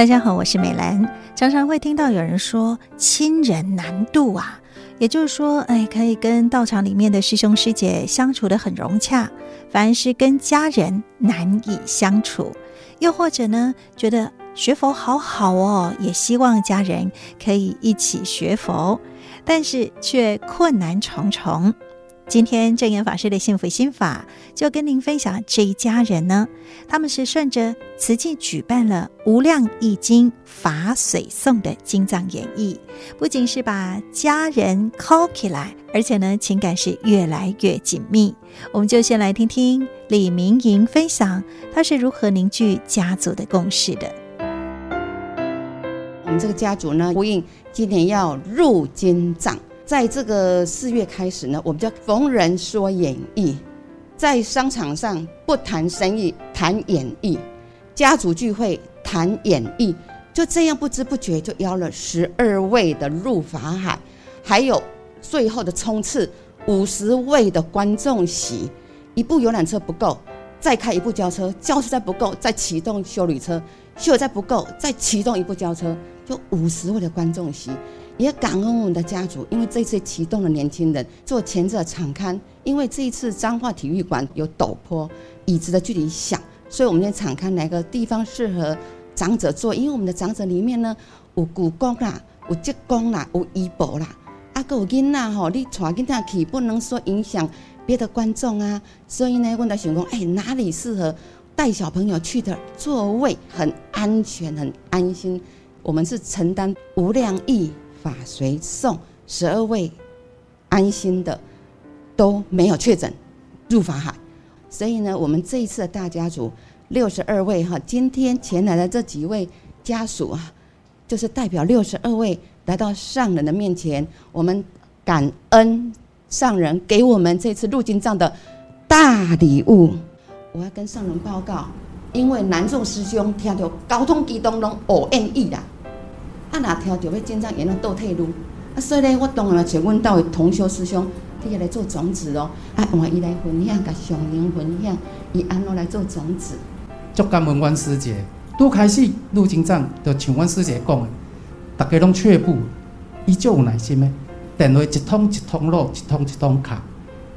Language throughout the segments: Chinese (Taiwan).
大家好，我是美蘭。常常會聽到有人說親人難度啊，也就是說，哎，可以跟道場裡面的師兄師姐相處得很融洽，反而是跟家人難以相處。又或者呢，覺得學佛好好哦，也希望家人可以一起學佛，但是卻困難重重。今天證嚴法師的幸福心法，就跟您分享這一家人呢。他們是順着慈濟舉辦了《無量義經法水頌》的經藏演繹，不僅是把家人 call 起來，而且呢情感是越來越緊密。我們就先來聽聽李明荶分享，她是如何凝聚家族的共識的。我們這個家族呢，呼應今年要入經藏。在這個四月開始呢，我們叫逢人說演繹，在商場上不談生意，談演繹；家族聚會談演繹，就這樣不知不覺就邀了十二位的入法海，還有最後的衝刺五十位的觀眾席，一部遊覽車不夠，再開一部轎車，轎車再不夠，再啟動休旅車，休旅再不夠，再啟動一部轎車，就五十位的觀眾席。也感恩我們的家族，因為這次啟動了年輕人做前者場勘，因為這一次彰化體育館有陡坡，椅子的距離小，所以我們場勘哪個地方適合長者坐？因為我們的長者裡面呢，有姑公啦，有結公啦，有姨婆啦，啊，還有囡仔吼，你帶囡仔去不能說影響別的觀眾啊，所以呢，我們在想講，哎、欸，哪裡適合帶小朋友去的座位很安全、很安心？我們是承擔無量義。法髓送十二位安心的都沒有確診入法海，所以呢，我們這一次的大家族六十二位哈，今天前來的這幾位家屬啊，就是代表六十二位來到上人的面前，我們感恩上人給我們這次入經藏的大禮物。我要跟上人報告，因為男眾師兄聽到交通機動龍，我願意啦。啊！若挑着要經藏演那倒退路。啊，所以呢，我當然嘛找阮兜的同修師兄，伊也來做種子咯，哦。啊，換伊來分享，甲上人分享，伊安怎來做種子。足感恩阮師姐，拄開始入經藏，着像阮師姐講，大家攏怯步，伊足有耐心的，電話一通一通落，一通一通，一通卡。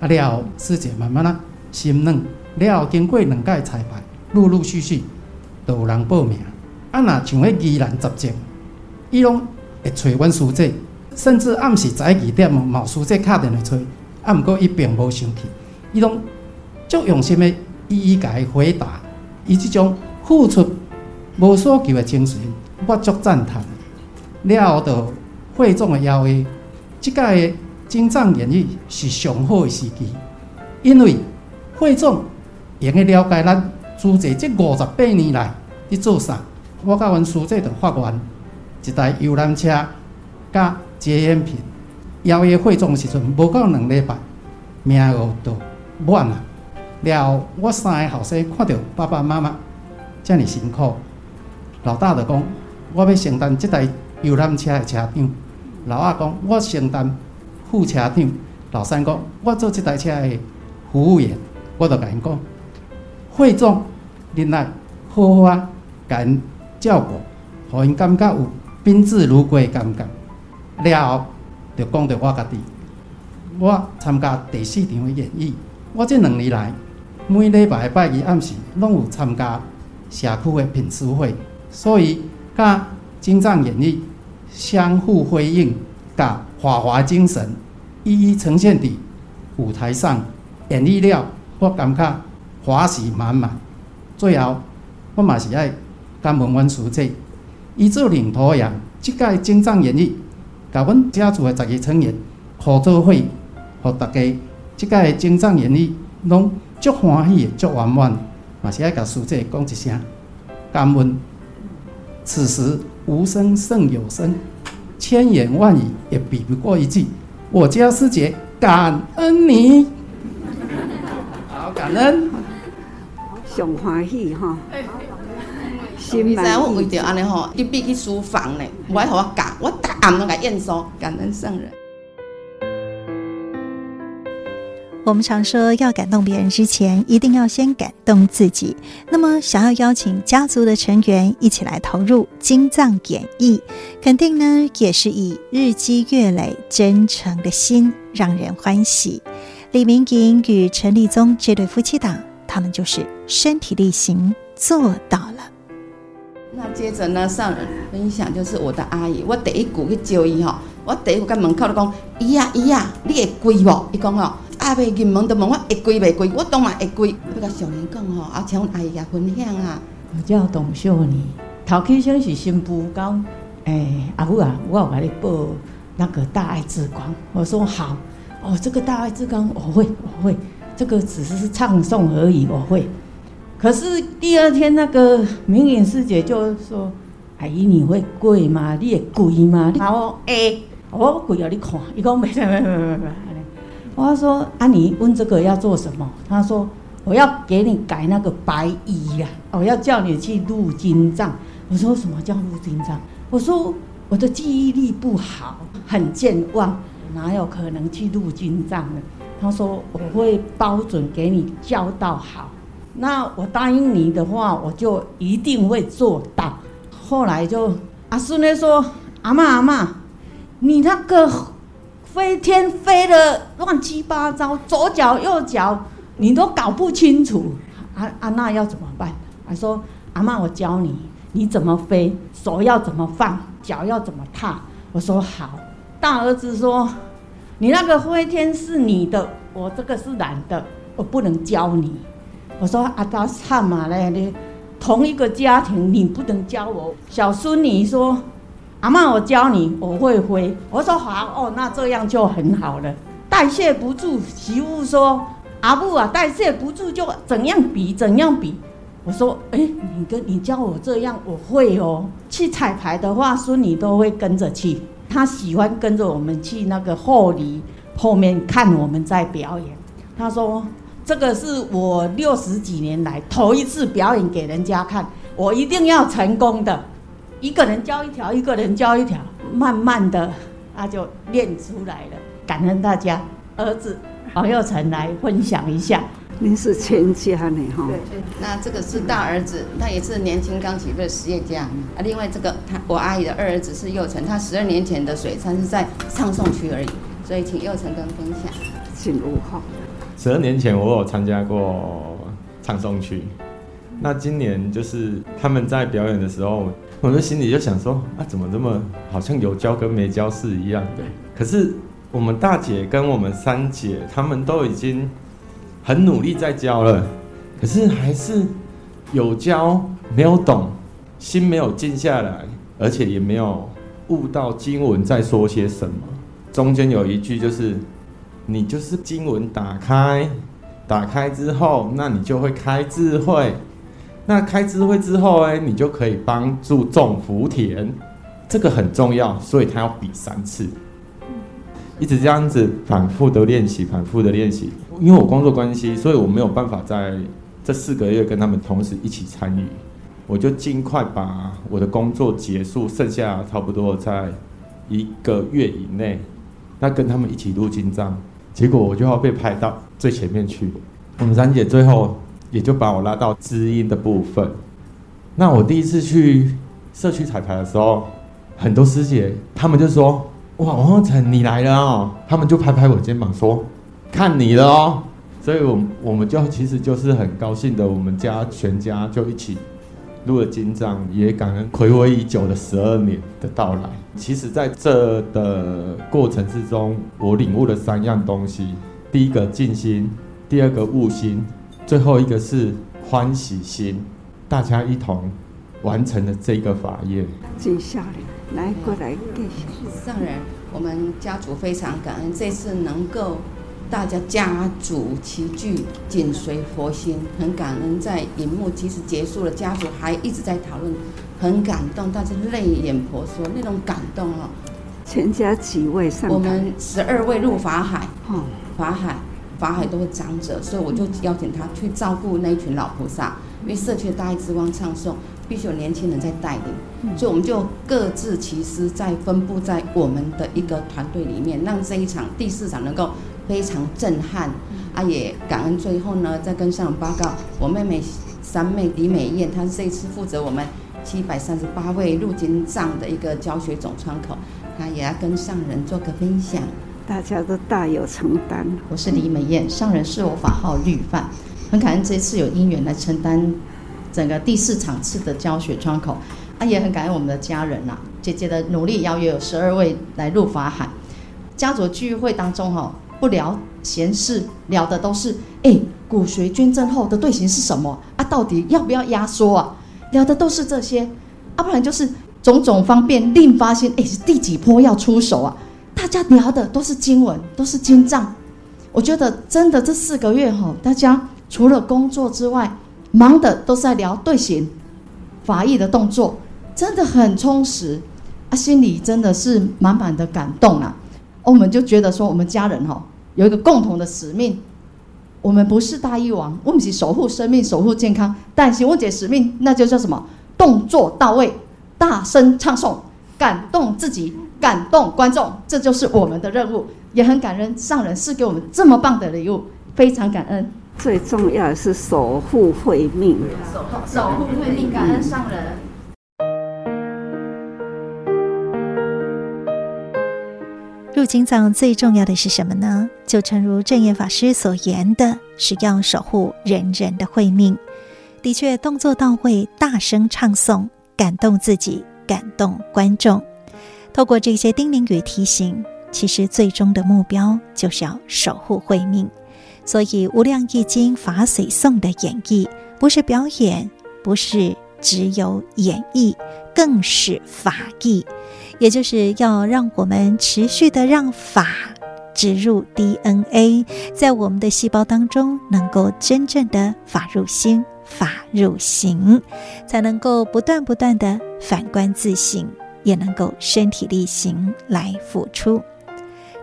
啊了，師姐慢慢啊心軟，了經過兩屆彩排，陸陸續續就有人報名。啊，若像許疑難雜症。伊攏會找阮書記，甚至暗時、早起點，毛書記打電話來找。啊，不過伊並無生氣，伊攏就用心的一一給回答。以這種付出無所求的精神，我足讚嘆。了後，到惠總個邀約，即屆經藏演繹是上好個時機，因為惠總已經了解咱書記即五十八年來佇做啥。我甲阮書記就發願。一台遊覽車甲接煙品，邀約會眾時陣，無夠兩禮拜，名額就滿了。然後，我三個後生看到爸爸媽媽遮爾辛苦，老大就講，我要承擔這台遊覽車的車長，老二講我承擔副車長，老三講我做這台車的服務員。我就甲因講，會眾你來好好啊，甲因照顧，互因感覺有賓至如歸的感覺。了後，就講到我家己，我參加第四場的演繹。我這兩年來，每禮拜、拜一暗時，攏有參加社區的評書會。所以，甲精湛演繹相互輝映，甲華華精神一一呈現佇舞台上演繹了。我感覺法喜滿滿。最後，我嘛是愛跟文文書記。伊做領頭羊，即屆經藏演繹，甲阮家族誒十個成員互助會，和大家即屆經藏演繹，攏足歡喜、足圓滿。也是愛甲師姐講一聲，感恩。此時無聲勝有聲，千言萬語也比不過一句。我家師姐，感恩你，好感恩，上歡喜哈。欸的，你知我為着安尼吼，他逼去書房嘞，唔愛給我教，我大暗攏個驗收，感恩上人。我們常說，要感動別人之前，一定要先感動自己。那麼，想要邀請家族的成員一起來投入經藏演繹，肯定呢也是以日積月累、真誠的心讓人歡喜。李明荶與陳立宗這對夫妻檔，他們就是身體力行做到。那接着呢，上人分享就是我的阿姨，我第一股去招伊吼，我第一股在門口了講，伊啊伊啊，你會跪不？伊講吼，阿妹進門就問我會跪未跪，我當然會跪。我甲小雲講吼，啊，請我阿姨也分享啊。我叫董綉女，頭開始是新婦講，誒、欸，阿母啊，我有來報那個大愛之光。我說好，哦，這個大愛之光我會我會，這個只是唱誦而已，我會。可是第二天，那個明荶師姐就說：“阿姨你，你會跪嗎？你也跪嗎？”好，誒，我跪啊！欸、我給你看，一共沒沒沒沒沒。我說：“阿姨，問這個要做什麼？”他說：“我要給你改那個白衣啊，我要叫你去入經藏。”我說：“什麼叫入經藏？”我說：“我的記憶力不好，很健忘，哪有可能去入經藏呢？”他說：“我會包準給你教導好。”那我答應你的話，我就一定會做到。後來就阿、啊、孫女說：“阿嬤，阿嬤，你那個飛天飛得亂七八糟，左腳右腳你都搞不清楚，阿、啊、阿、啊、那要怎麼辦？”她說：“阿嬤，我教你，你怎麼飛，手要怎麼放，腳要怎麼踏。”我說：“好。”大兒子說：“你那個飛天是你的，我這個是男的，我不能教你。”我說阿達唱嘛嘞，同一個家庭，你不能教我。小孫女說：“阿嬤，我教你，我會揮。”我說：“好、啊、哦，那這樣就很好了。”代謝不住媳婦說：“阿、啊、母啊，代謝不住就怎樣比怎樣比。”我說：“哎，你跟你教我這樣，我會哦。”去彩排的話，孫女都會跟着去，她喜歡跟着我們去那個后里後面看我們在表演。她說。這個是我六十幾年來頭一次表演給人家看，我一定要成功的。一個人教一條，一個人教一條，慢慢的，那、啊、就練出來了。感恩大家，兒子王宥程來分享一下。您是全家的哈、哦？對，那這個是大兒子，他也是年輕剛起步的實業家。啊、另外這個他我阿姨的二兒子是宥程，他十二年前的水懺是在唱頌區而已。所以請宥程跟分享，請入座。十二年前，我有參加過唱頌區。那今年就是他們在表演的時候，我的心裡就想說：啊，怎麼這麼好像有教跟沒教是一樣的？可是我們大姐跟我們三姐，他們都已經很努力在教了，可是還是有教沒有懂，心沒有靜下來，而且也沒有悟到經文在說些什麼。中間有一句就是，你就是經文打開，打開之後，那你就會開智慧。那開智慧之後，哎，你就可以幫助種福田，這個很重要，所以他要比三次，一直這樣子反覆的練習，反覆的練習。因為我工作關係，所以我沒有辦法在這四個月跟他們同時一起參與，我就盡快把我的工作結束，剩下差不多在一個月以內，那跟他們一起入經藏。結果我就要被拍到最前面去，我們三姐最後也就把我拉到知音的部分。那我第一次去社區彩排的時候，很多師姐他們就說：“哇，王宥程你來了哦。”他們就拍拍我肩膀說：“看你了哦。”所以我，我我們就其實就是很高興的，我們家全家就一起。入了經藏，也感恩暌違已久的十二年的到來。其實，在這的過程之中，我領悟了三樣東西：第一個靜心，第二個悟心，最後一個是歡喜心。大家一同完成了這個法願。真漂來過來，給上人。我們家族非常感恩，這次能夠。大家家族齊聚，緊隨佛心，很感恩。在熒幕即使結束了，家族還一直在討論，很感動，但是淚眼婆娑，那種感動哦。全家幾位上，我們十二位入法海哦，法海，法海，海都會長者。所以我就邀請他去照顧那一群老菩薩、嗯。因為社區的大愛之光唱誦，必須有年輕人在帶領、嗯，所以我們就各自其實在分布在我們的一個團隊裡面，讓這一場第四場能夠。非常震撼，啊，也感恩。最後呢，再跟上人報告，我妹妹三妹李美燕，她是這一次負責我們七百三十八位入經藏的一個教學總窗口，她也要跟上人做個分享。大家都大有承擔。我是李美燕，上人是我法號慮範。很感恩這次有因緣來承擔整個第四場次的教學窗口。啊，也很感恩我們的家人吶、啊，姐姐的努力邀約有十二位來入法海，家族聚會當中哈。不聊閒事，聊的都是哎骨髓捐贈後的隊形是什麼啊？到底要不要壓縮啊？聊的都是這些，要、啊、不然就是種種方便另發現哎、欸，是第幾波要出手啊？大家聊的都是經文，都是經藏。我覺得真的這四個月哈，大家除了工作之外，忙的都是在聊隊形、法義的動作，真的很充實啊！心裡真的是滿滿的感動啊！我們就覺得說，我們家人哈。有一個共同的使命，我們不是大醫王，我們是守護生命、守護健康。但是我姐使命，那就叫什麼？動作到位，大聲唱誦，感動自己，感動觀眾，這就是我們的任務。也很感恩上人賜給我們這麼棒的禮物，非常感恩。最重要的是守護慧命，守護守護慧命，感恩上人。入經藏最重要的是什麼呢？就誠如證嚴法師所言的，是要守護人人的慧命。的確，動作到位，大聲唱誦，感動自己，感動觀眾。透過這些叮嚀與提醒，其實最終的目標就是要守護慧命。所以，《無量義經法髓頌》的演繹，不是表演，不是。只有演繹，更是法義，也就是要讓我們持續的讓法植入 DNA，在我們的細胞當中，能夠真正的法入心、法入行，才能夠不斷不斷的反觀自省，也能夠身體力行來付出。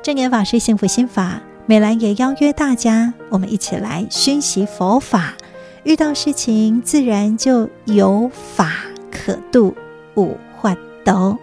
證嚴法師幸福心法，美蘭也邀約大家，我們一起來熏習佛法。遇到事情，自然就有法可度，無患得。